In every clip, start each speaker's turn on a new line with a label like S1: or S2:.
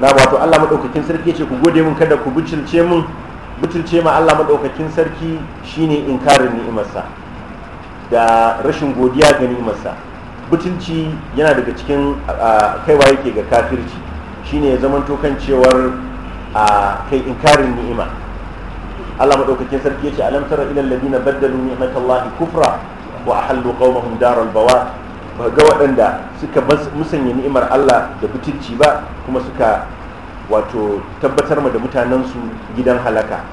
S1: na wato Allah madaukakin sarki ce ku gode mun kada ku butulce mun butulce ma Allah maɗaukakin sarki shine inkarin ni'imarsa da rashin godiya ga ni'imarsa butulci yana daga cikin kaiwa yake ga kafirci shine ya zamanto kan cewar kai inkarin ni'ima Allah madaukakin sarki yace alam tara ilal ladina baddalu ni'matallahi kufra wa ahallu qaumahum daral bawar ba ga waɗanda suka musanya ni'imar Allah da butulci ba kuma suka wato tabbatar ma da mutanensu gidan halaka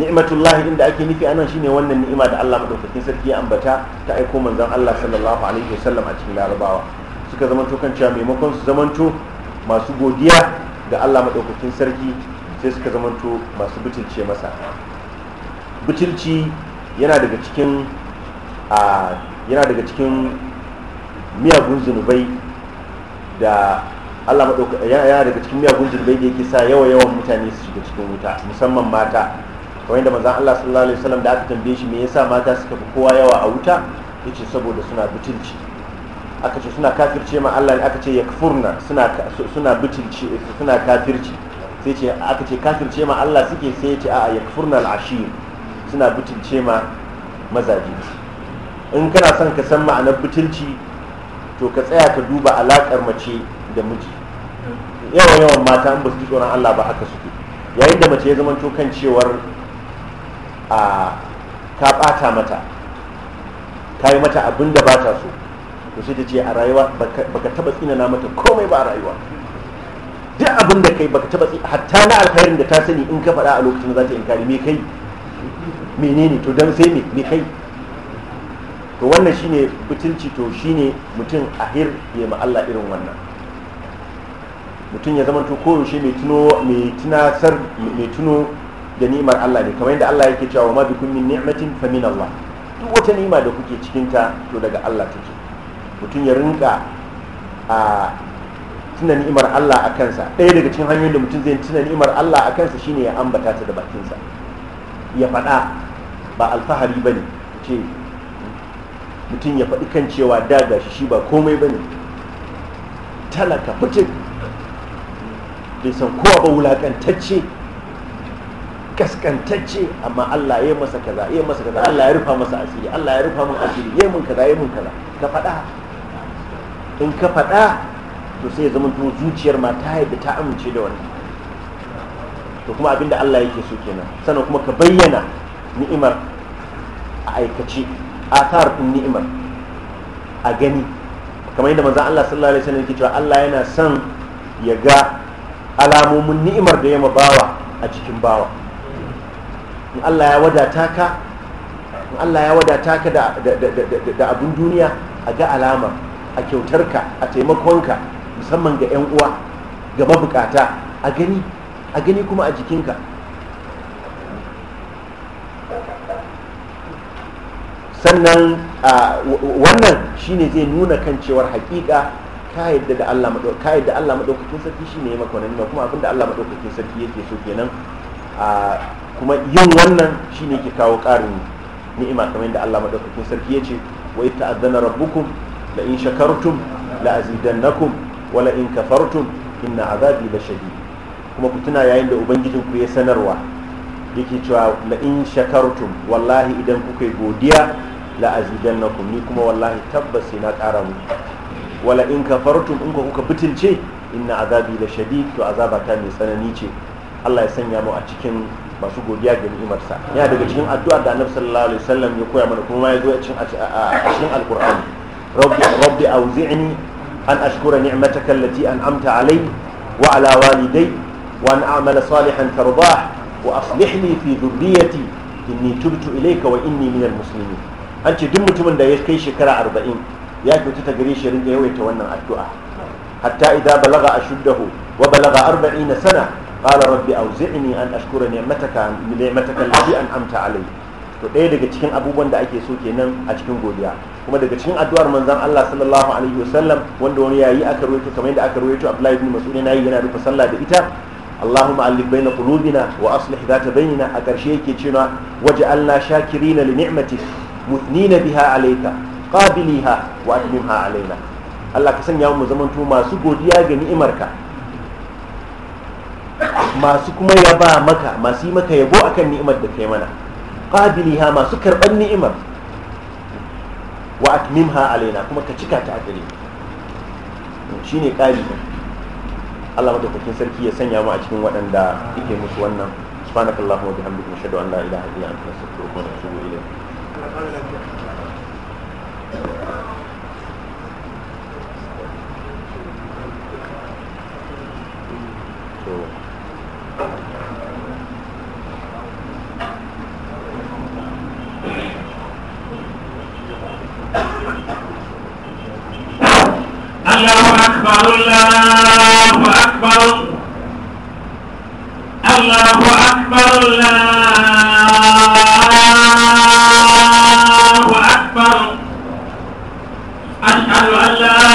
S1: ni'matullahi inda ake nufi anan shine wannan ni'ima da Allah madaukakin sarki ya ambata ta aiko manzon Allah sallallahu alaihi wasallam a cikin larabawa suka zamanto kan cewa maimakon su zamanto masu godiya ga Allah madaukakin sarki sai suka zamanto masu butulce masa butulci yana daga cikin a yana daga cikin miyagun zunubai da Allah yana daga cikin miyagun zunubai da yake sa yawa yawan mutane su shiga cikin wuta musamman mata kawai yadda mazan Allah sallallahu alaihi wasallam da aka tambaye shi me yasa mata suka fi kowa yawa a wuta Ya ce saboda suna butulci aka ce suna kafirce ma Allah aka ce ya kafurna suna butulci suna kafirci sai ce aka ce kafirce ma Allah suke sai ya ce a ya kafurna ashir suna butulce ma mazaji in kana son ka san ma'anar butulci to ka tsaya ka duba alaƙar mace da miji yawan yawan mata in ba su tsoron Allah ba haka suke yayin da mace ya zama to kan cewar a ka ɓata mata ka yi mata abin da bata so to sai ta ce a rayuwa baka taba tsinana mata komai ba a rayuwa duk abin da kai baka taba hatta na alkhairin da ta sani in ka faɗa a lokacin da za ta inkari me kai menene to dan sai me me kai to wannan shine butulci to shine mutum ahir ya ma Allah irin wannan mutum ya zama to koyaushe mai tuno mai tuno da ni'imar Allah ne kamar yadda Allah yake cewa ma bikum min ni'matin fa min Allah duk wata ni'ima da kuke cikin ta to daga Allah take mutum ya rinka a tuna ni'imar Allah a kansa ɗaya daga cikin hanyoyin da mutum zai tuna ni'imar Allah a kansa shine ya ambata ta da bakinsa ya faɗa ba alfahari bane ce mutum ya faɗi kan cewa da shi ba komai ba ne talaka fitin bai san kowa ba wulaƙantacce kaskantacce amma Allah ya masa kaza ya masa kaza Allah ya rufa masa asiri Allah ya rufa masa asiri ya mun kaza ya mun kaza ka faɗa in ka faɗa to sai ya zama to zuciyar ma ta yadda ta amince da wannan to kuma abinda Allah yake so kenan sannan kuma ka bayyana ni'imar a aikace athar din ni'imar a gani kamar yadda manzon Allah sallallahu alaihi wasallam yake cewa Allah yana son ya ga alamomin ni'imar da ya ma bawa a cikin bawa in Allah ya wadata ka in Allah ya wadata ka da da abun duniya a ga alama a kyautarka a taimakon ka musamman ga 'yan uwa ga mabukata a gani a gani kuma a jikinka sannan wannan shine zai nuna kan cewar hakika ka yadda da Allah ka yadda Allah madaukakin sarki shine ya maka wannan kuma abinda Allah madaukakin sarki yake so kenan kuma yin wannan shine ke kawo ƙarin ni'ima kamar yadda Allah madaukakin sarki yace wa ita azana rabbukum la in shakartum la azidannakum wa la in kafartum inna azabi lashadid kuma ku tuna yayin da ubangijin ku ya sanarwa yake cewa la in shakartum wallahi idan kuka yi godiya la'azidannakum ni kuma wallahi tabbas sai na ƙara mu wala in kafartum in kuka butulce inna azabi la shadid to azaba ta mai tsanani ce Allah ya sanya mu a cikin masu godiya ga ni'imarsa yana daga cikin addu'ar da Annabi sallallahu alaihi wasallam ya koya mana kuma ya zo a cikin alqur'ani rabbi rabbi awzi'ni an ashkura ni'mataka allati an'amta alai wa ala walidai wa an a'mala salihan tardah wa aslih li fi dhurriyyati inni tubtu ilayka wa inni minal muslimin an ce duk mutumin da ya kai shekara arba'in ya kyautu ta gare shi rinka yawaita wannan addu'a hatta idan balaga a shuddahu wa balaga na sana qala rabbi awzi'ni an ashkura ni'mataka ni'mataka an an'amta alai to ɗaya daga cikin abubuwan da ake so kenan a cikin godiya kuma daga cikin addu'ar manzan Allah sallallahu alaihi wasallam wanda wani yayi aka rawaito kamar yadda aka rawaito Abdullahi ibn Mas'ud yana yi yana rufe sallah da ita اللهم علق بين قلوبنا واصلح ذات بيننا اكرشيك تشنا وجعلنا شاكرين لنعمتك mutnina biha alayka qabiliha wa atmimha alaina Allah ka sanya mu zamanto masu godiya ga ni'imar ka masu kuma yaba maka masu yi maka yabo akan ni'imar da kai mana qabiliha masu karban ni'imar wa atmimha alaina kuma ka cika ta a gare shine ƙari Allah madaukakin sarki ya sanya mu a cikin waɗanda yake musu wannan subhanakallahumma wa bihamdika nashhadu an la ilaha illa anta astaghfiruka أشهد أن لا